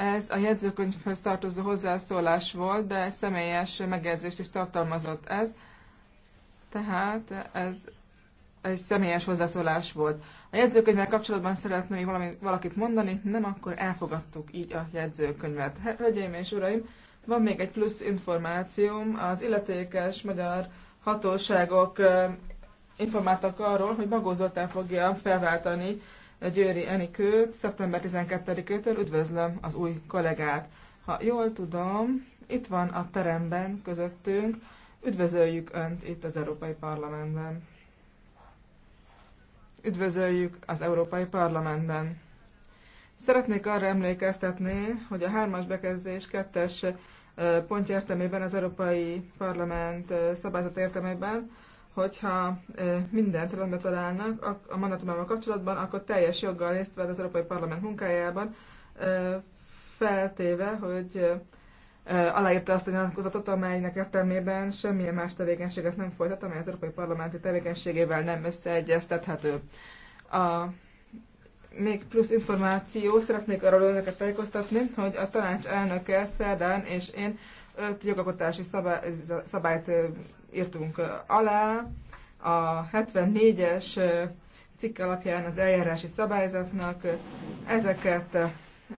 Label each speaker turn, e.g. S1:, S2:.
S1: Ez a jegyzőkönyvhöz tartozó hozzászólás volt, de személyes megjegyzést is tartalmazott ez. Tehát ez egy személyes hozzászólás volt. A jegyzőkönyvvel kapcsolatban szeretném még valami, valakit mondani, nem akkor elfogadtuk így a jegyzőkönyvet. Hölgyeim és uraim, van még egy plusz információm. Az illetékes magyar hatóságok informáltak arról, hogy Magó Zoltán fogja felváltani Győri Enikőt szeptember 12-től. Üdvözlöm az új kollégát. Ha jól tudom, itt van a teremben közöttünk. Üdvözöljük Önt itt az Európai Parlamentben. Üdvözöljük az Európai Parlamentben. Szeretnék arra emlékeztetni, hogy a hármas bekezdés kettes pont értelmében az Európai Parlament szabályzat értelmében hogyha minden rendbe találnak a mandatumával kapcsolatban, akkor teljes joggal részt vett az Európai Parlament munkájában, feltéve, hogy aláírta azt a nyilatkozatot, amelynek értelmében semmilyen más tevékenységet nem folytat, amely az Európai Parlamenti tevékenységével nem összeegyeztethető. A, még plusz információ, szeretnék arról önöket tájékoztatni, hogy a tanács elnöke szerdán és én öt jogalkotási szabály, szabályt írtunk alá. A 74-es cikk alapján az eljárási szabályzatnak ezeket